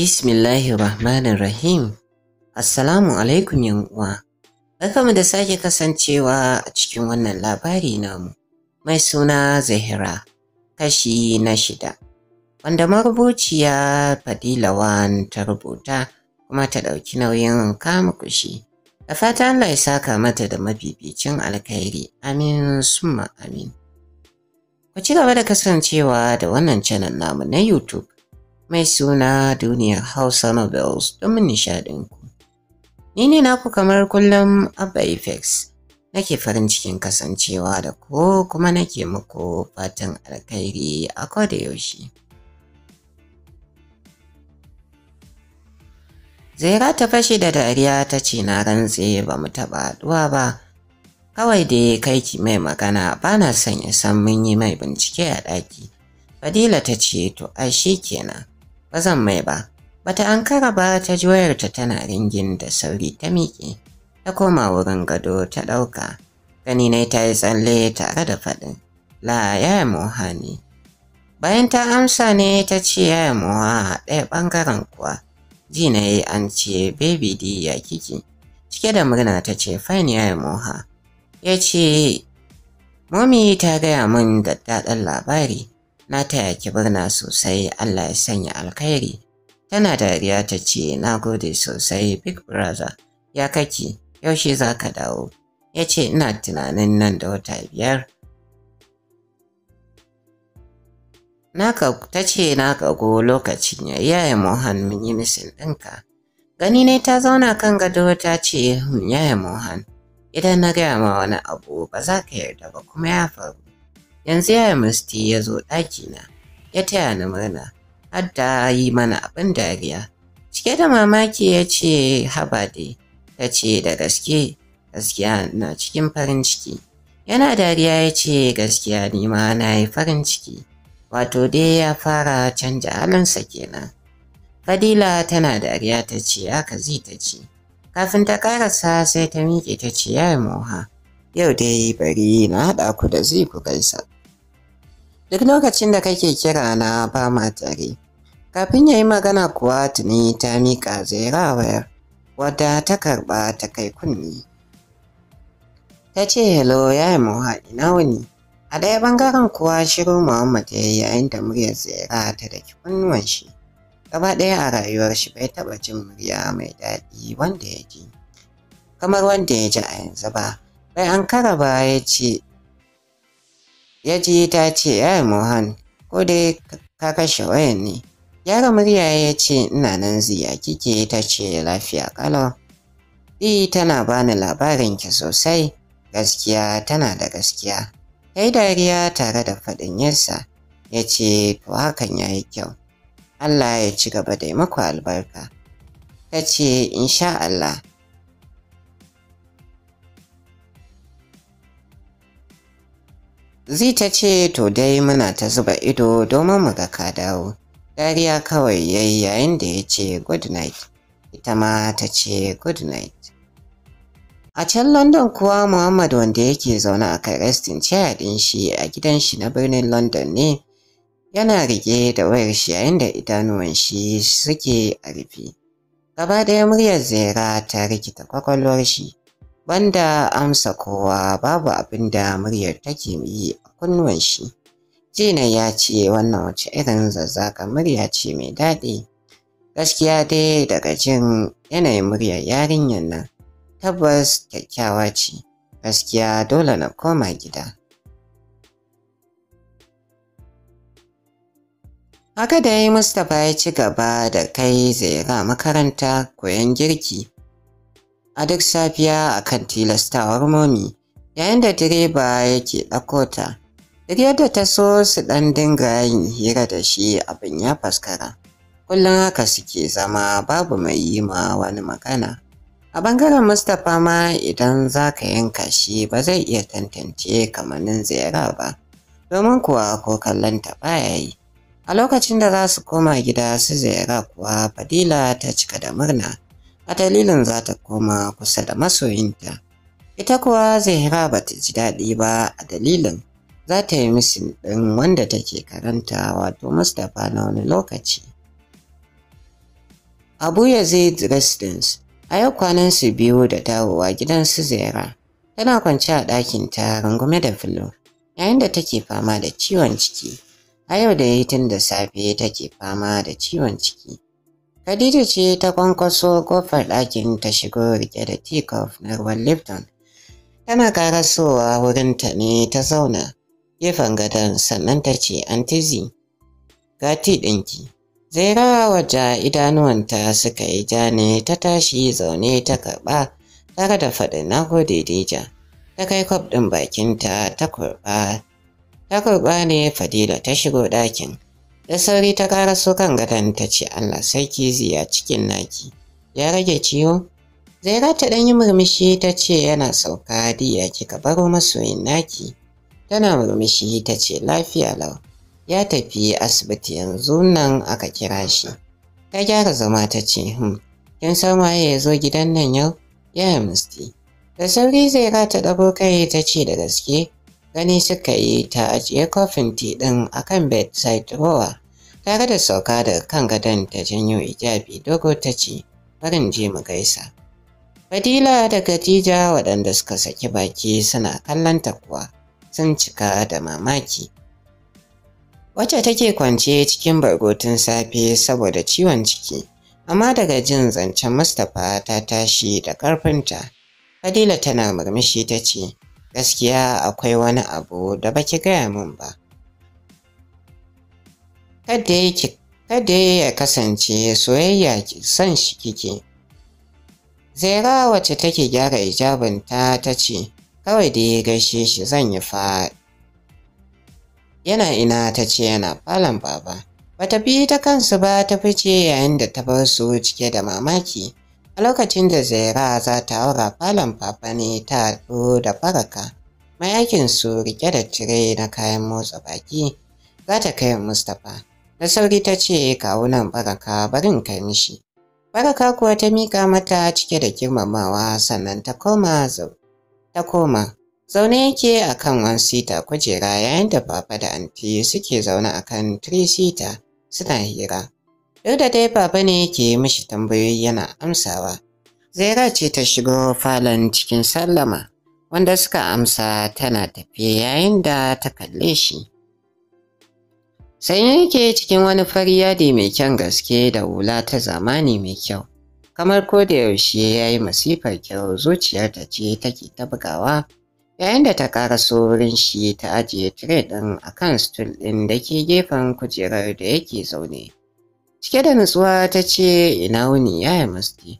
Bismillahirrahmanirrahim. Assalamu alaikum uwa. mu da sake kasancewa a cikin wannan labari namu. Mai suna Zahira, kashi na shida. Wanda marubuciya Fadilawan ta rubuta kuma ta ɗauki nauyin kama kushi. Da fata Allah ya saka mata da mabibicin alkhairi. Amin summa amin. Ku ci gaba da kasancewa da wannan channel namu na YouTube. mai suna duniyar Hausa Novels domin nishaɗinku. Ni ne naku kamar kullum Abba Efex, nake farin cikin kasancewa da ku kuma nake muku fatan alkhairi a koda yaushe. Zaira ta fashe da dariya ta ce na rantse ba mu taɓa haɗuwa ba, kawai da kai ki mai magana ba na son ya san mun yi mai bincike a ɗaki. Fadila ta ce to ashe kenan. ba zan mai ba. Bata ankara ba ta ji wayarta tana ringin da sauri ta miƙe, ta koma wurin gado ta ɗauka, gani ne ta yi tsalle tare da faɗin, la yaya ne. Bayan ta amsa ne ta ce yaya moha ɗaya ɓangaren kuwa, ji na yi an ce baby di ya kiki, cike da murna ta ce fain yaya moha, ya ce Momi ta gaya min daɗin labari, na taya ki birna sosai Allah ya sanya alkhairi. Tana dariya ta ce na gode sosai Big Brother ya kake yaushe za ka dawo. Ya ce ina tunanin nan da wata biyar. ta ce na kago lokacin ya yaya Mohan mun yi misin ɗinka. Gani ne ta zauna kan gado ta ce hmm, yaya Mohan idan na gaya ma wani abu ba za ka yarda ba kuma ya faru. Yanzu yaya musti ya zo ɗakina, ya taya ni murna, har da yi mana abin dariya. Cike da mamaki ya ce haba dai, ta ce da gaske, gaskiya na cikin farin ciki. Yana dariya ya ce gaskiya ni ma na yi farin ciki, wato dai ya fara canja halinsa kenan. Fadila tana dariya ta ce haka zai ta ce, kafin ta ƙarasa sai ta miƙe ta ce ya yi moha. yau dai bari na haɗa ku da zai ku gaisa. Duk lokacin da kake kira na ba ma tare. Kafin ya yi magana kuwa tuni ta miƙa zaira wayar, wadda ta karɓa ta kai kunni. Ta ce hello ya yi mawa ina wuni. A ɗaya ɓangaren kuwa shiru Muhammad ya yi yayin da muryar zaira ta daki kunnuwan shi. Gaba ɗaya a rayuwar shi bai taɓa jin murya mai daɗi wanda ya ji. Kamar wanda ya ji a yanzu ba. bai ankara ba ya ce ya ji ta ce yaya mohan ko dai ka kashe wayan ne yara murya ya ce ina nan ziya kike ta ce lafiya kalau Di tana bani labarin ki sosai gaskiya tana da gaskiya ya yi dariya tare da faɗin yarsa ya ce to hakan ya yi kyau Allah ya ci gaba da yi maku albarka ta ce insha Allah Zai ta ce to dai muna ta zuba ido domin mu ga ka dawo. Dariya kawai yayi yayin da ya ce good night. Ita ma ta ce good night. A can London kuwa Muhammad wanda yake zaune a kan restin chair ɗin shi a gidan shi na birnin London ne yana rike da wayar shi yayin da idanuwan shi suke a rufe. Gaba ɗaya muryar zera ta rikita kwakwalwar shi. Wanda amsa kowa babu abin da muryar take yi a kunnuwan shi. Jina ya ce wannan wace irin zazzaka murya ce mai daɗi. Gaskiya dai daga jin yanayin muryar yarinyar nan tabbas kyakkyawa ce. Gaskiya dole na koma gida. Haka dai Mustapha ya ci gaba da kai zaira makaranta koyon girki a duk safiya a kan tilastawar yayin da direba yake ɗauko ta. Duk yadda ta so su ɗan dinga yin hira da shi abin ya faskara. Kullum haka suke zama babu mai yi ma wani magana. A bangaren Mustapha ma idan za ka yanka shi ba zai iya tantance kamanin ziyara ba, domin kuwa ko kallon ta baya yi. A lokacin da za su koma gida su ziyara kuwa Fadila ta cika da murna. a dalilin za ta koma kusa da masoyinta. Ita kuwa zahira ba ta ji daɗi ba a dalilin za ta yi misin ɗin wanda take karanta wato Mustapha na wani lokaci. Abu Yazid Residence a yau kwanansu biyu da dawowa su Zahira, tana kwance a ɗakin ta rungume da filo yayin da take fama da ciwon ciki. A yau da yi tun da safe take fama da ciwon ciki. Khadija ce ta kwankwaso kofar ɗakin ta shigo rike da teacup na ruwan Lipton. Tana karasowa wurinta ne ta zauna gefen gadon sannan ta ce antizi ga ti ɗinki. Zaira waje idanuwanta suka yi ja ne ta tashi zaune ta karɓa tare da faɗi na gode Dija. Ta kai kwaf ɗin bakinta ta kurɓa. Ta kurɓa ne Fadila ta shigo ɗakin. Da sauri ta so kan gadon ta ce Allah sarki ziya cikin naki. Ya rage ciwo? Zaira ta ɗan yi murmushi ta ce yana sauka diya kika baro masoyin naki. Tana murmushi ta ce lafiya lau. Ya tafi asibiti yanzu nan aka kira shi. Ta gyara zama ta ce hmm. Kin san waye ya zo gidan nan yau? Ya yi musti. Da sauri Zaira ta ɗago kai ta ce da gaske. Gani suka yi ta ajiye kofin tiɗin a kan bedside rowa Tare da sauka da kan gadon ta janyo ijabi dogo ta ce, barin je mu gaisa. Fadila da Khadija waɗanda suka saki baki suna kallon ta kuwa sun cika da mamaki. Wacce take kwance cikin bargotun safe saboda ciwon ciki, amma daga jin zancen Mustapha ta tashi da ƙarfinta. Fadila tana murmushi ta ce, Gaskiya akwai wani abu da baki gaya min ba. Kada ya kasance soyayya son shi kike. Zaira wacce take gyara ijabinta ta ce, kawai da ya gaishe shi zan yi fa. Yana ina ta ce yana falon baba. Bata bi ta kansu ba ta fice yayin da ta bar su cike da mamaki. A lokacin da Zaira za ta aura falon papa ne ta haɗu da faraka, mayakin su rike da tire na kayan motsa baki za ta kai Mustapha. Da sauri ta ce kawunan baraka barin kai mishi. Baraka kuwa ta miƙa mata cike da girmamawa sannan ta koma ta koma. Zaune yake a kan wansita kujera yayin da baba da anti suke zaune a kan tirisita suna hira. Duk da dai baba ne ke yi mishi tambayoyi yana amsawa. Zaira ce ta shigo falon cikin sallama, wanda suka amsa tana tafiye yayin da ta kalle shi. sanyi yake cikin wani fari yadi mai kyan gaske da hula ta zamani mai kyau. Kamar ko da yaushe ya yi masifar kyau zuciyarta ce take ta bugawa yayin da ta ƙara wurin shi ta ajiye tire ɗin a kan stul ɗin da ke gefen kujerar da yake zaune. Cike da nutsuwa ta ce ina wuni yaya musti.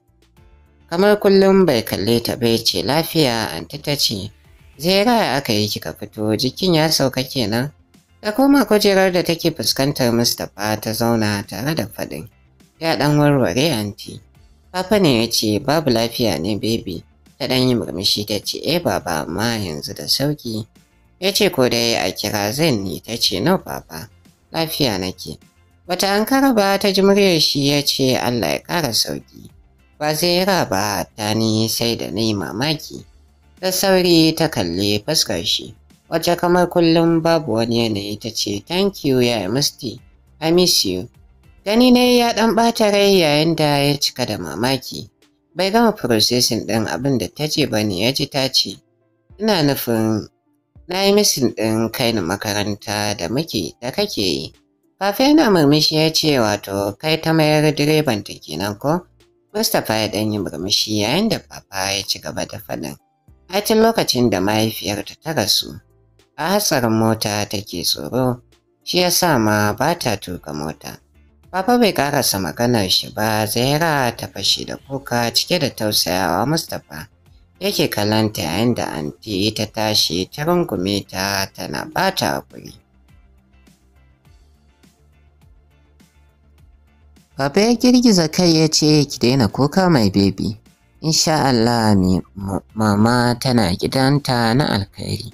Kamar kullum bai kalle ta bai ce lafiya anti ta ce zera aka yi kika fito jikin ya sauka kenan. Ta koma kujerar da take fuskantar Mustapha ta zauna tare da faɗin. Ya ɗan warware anti. Papa ne ya ce babu lafiya ne baby. Ta ɗan yi murmushi ta ce eh baba amma yanzu da sauki. Ya ce ko dai a kira zan ni ta ce no baba. Lafiya nake. Wata ankara ba ta ji muryar shi ya ce Allah ya ƙara sauki. Ba zai ba ta ni sai da na yi mamaki. Da sauri ta kalli fuskar shi. Wacce kamar kullum babu wani yanayi ta ce thank you ya musti. I miss you. Gani ne ya ɗan ɓata rai yayin da ya cika da mamaki. Bai gama processing ɗin abin da ta ce ba ne ya ji ta ce, Ina nufin na yi misin ɗin kai na makaranta da muke da kake yi. Fafe yana murmushi ya ce wato kai ta mayar direban ta kenan ko? Mustapha ya ɗan yi murmushi yayin da Fafa ya ci gaba da faɗin. Hatin lokacin da mahaifiyarta ta rasu, a hatsarin mota take tsoro, shi ya sa ma ba ta tuka mota. Papa bai karasa maganar shi ba Zaira ta fashe da kuka cike da tausayawa Mustapha. Yake kalanta yayin da anti ta tashi ta rungume ta tana bata hakuri. Baba ya girgiza kai ya ce ki daina kuka mai bebi. Insha Allah mama tana gidanta na alkhairi.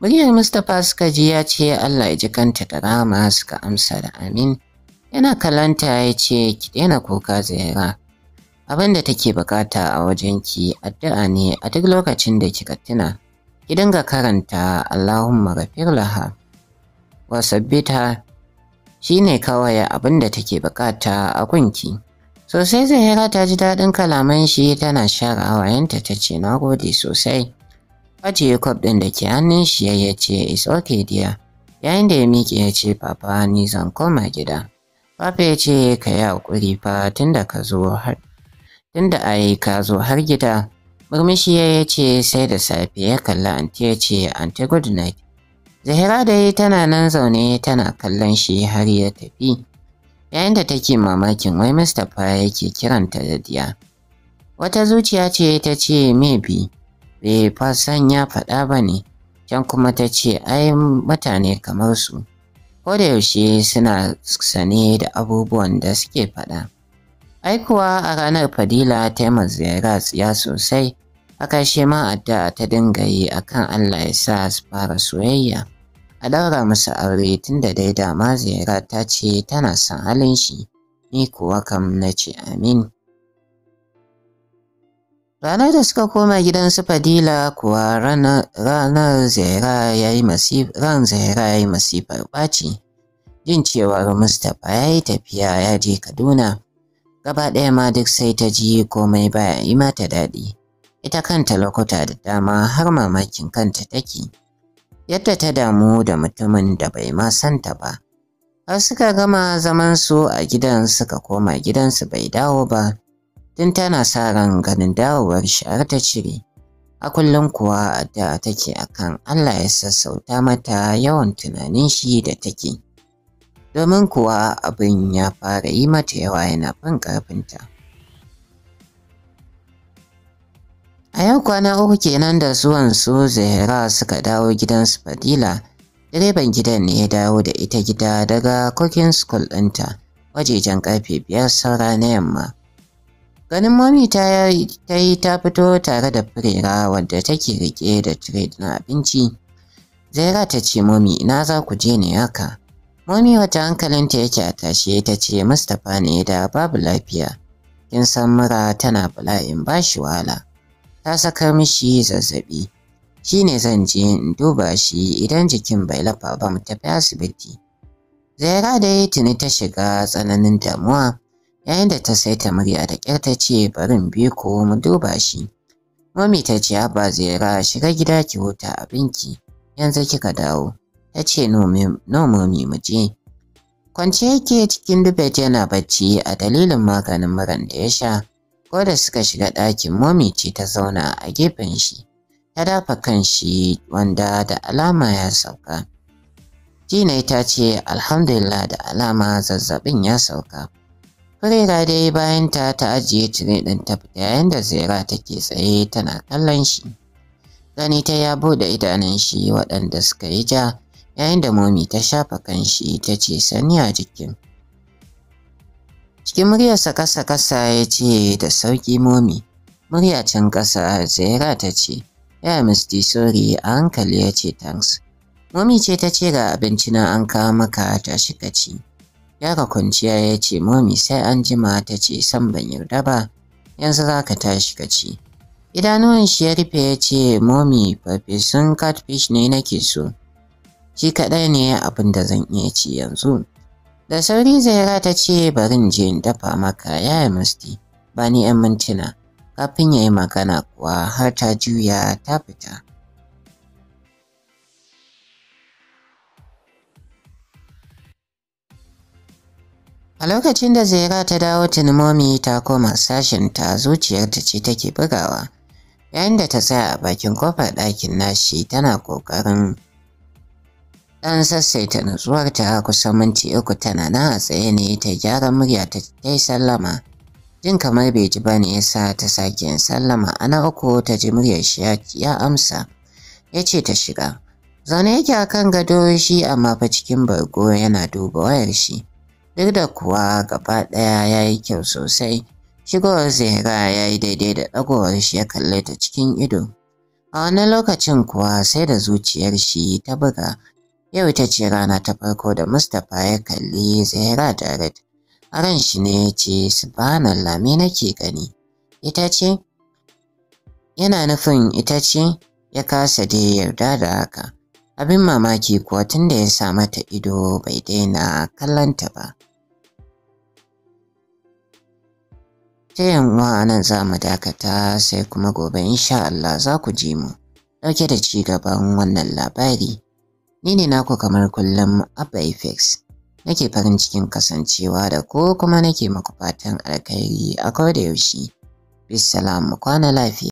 Muryar Mustapha suka ji ya ce Allah ya ji kanta da rama suka amsa da amin. Yana kalanta ya ce ki daina kuka zaira. Abin da take bukata a wajenki addu'a ne a duk lokacin da kika tuna. Ki dinga karanta Allahumma ghafir laha wa sabbita shi ne kawai abin da take bukata a kunki Sosai Zahira ta ji daɗin kalaman shi tana share hawayenta ta ce na gode sosai. aji kwab ɗin da ke hannun shi ya ce is okay dear. Yayin da ya miƙe ya ce papa ni zan koma gida. Papa ya ce ka yi haƙuri fa tunda ka zo har da ai ka zo har gida. Murmushi ya ce sai da safe ya kalla anti ya ce anti good night. Zahira dai tana nan zaune tana kallon shi har ya tafi. Yayin da take mamakin wai Mustapha yake kiranta da diya. Wata zuciya ce ta ce maybe bai fasan ya faɗa ba ne, can kuma ta ce ai mutane kamar su. Ko da yaushe suna sane da abubuwan da suke faɗa. Aikuwa a ranar Fadila ta yi ziyara tsiya sosai, haka shi ma ta dinga yi akan Allah ya sa su fara soyayya. a daura musu aure tun da dai dama ziyara ta ce tana son halin shi ni kuwa kam na ce amin ranar da suka koma gidan su fadila kuwa ranar ziyara ya yi masifar ɓaci jin cewar mustapha ya yi tafiya ya je kaduna gaba ɗaya ma duk sai ta ji komai baya yi mata daɗi ita kanta lokuta da dama har mamakin kanta take. yadda ta damu da mutumin da bai ma santa ba. Har suka gama zaman su a gidan suka koma gidansu bai dawo ba, tun tana sa ran ganin dawowar har ta cire. A kullum kuwa da take akan Allah ya sassauta mata yawan tunanin shi da take. Domin kuwa abin ya fara yi mata yawa yana fin ƙarfinta. A yau kwana uku kenan da zuwan su Zahra suka dawo gidan su Fadila. Direban gidan ne ya dawo da ita gida daga cooking school ɗinta wajejen ƙarfe biyar saura na yamma. Ganin mami ta yi ta fito tare da firera wadda take rike da tire na abinci. Zaira ta ce mami ina za ku je ne haka. Mami wata hankalinta yake a tashe ta ce Mustapha ne da babu lafiya. Kin san mura tana bala'in bashi wahala. ta saka mishi zazzaɓi. Shi ne zan je in duba shi idan jikin bai lafa ba mu tafi asibiti. Zaira dai tuni ta shiga tsananin damuwa yayin da ta saita murya da ƙyar ta ce bari in ko mu duba shi. Mami ta ce Abba Zaira shiga gida ki huta abinki yanzu kika dawo. Ta ce no mami mu je. Kwance yake cikin dubet yana bacci a dalilin maganin muran da ya sha. Ko da suka shiga ɗakin momi ce ta zauna a gefen shi, ta dafa kan shi wanda da alama ya sauka. Jinai ta ce alhamdulillah da alama zazzabin ya sauka. Furera dai bayan ta ta ajiye tire ɗin ta fita yayin da Zaira take tsaye tana kallon shi. Gani ta ya buɗe idanun shi waɗanda suka yi ja yayin da momi ta shafa kan shi ta ce sani a jikin. Cikin muryarsa kasa kasa ya ce da sauki momi. Murya can kasa Zaira ta ce, Ya Mr. Sori a hankali ya ce thanks. Momi ce ta ce ga abinci na an kawo maka ta shiga ci. Yara kwanciya ya ce momi sai an jima ta ce san ban yarda ba, yanzu za ka tashi ka ci. Idanuwan shi ya rufe ya ce momi farfesun catfish ne nake so. Shi kaɗai ne abin da zan iya ci yanzu. Da sauri Zaira ta ce bari in je in dafa maka yaya musti ba ni ‘yan mintuna kafin ya yi magana kuwa har ta juya ta fita. A lokacin da Zaira ta dawo tunmomi ta koma sashen sashinta zuciyarta ce take bugawa, yayin da ta tsaya a bakin kofar ɗakin nashi tana ƙoƙarin dan sassaita natsuwar ta kusan minti uku tana na tsaye ne ta gyara murya ta yi sallama jin kamar bai ji bane yasa ta sake yin sallama ana uku ta ji muryar shi ya amsa ya ce ta shiga zaune yake a kan gado shi amma fa cikin bargo yana duba wayar shi duk da kuwa gaba ɗaya ya yi kyau sosai shigowar zahira ya yi daidai da ɗagowar shi ya kalle ta cikin ido a wani lokacin kuwa sai da zuciyar shi ta buga Yau ita ce rana ta farko da Mustapha ya kalli Zaira Jared. A ran shi ne ya ce, Subhanallah me nake gani? Ita ce? Yana nufin ita ce? Ya kasa dai yarda da haka. Abin mamaki kuwa tun da ya sa mata ido bai daina kallonta ba. Ta yamma a nan za mu dakata sai kuma gobe insha Allah za ku ji mu Dauke da ci gaban wannan labari. Ni ne naku kamar kullum Abba Apex. Nake farin cikin kasancewa da ko kuma nake maku fatan alkhairi a koda yaushe. Bisalam kwana lafiya.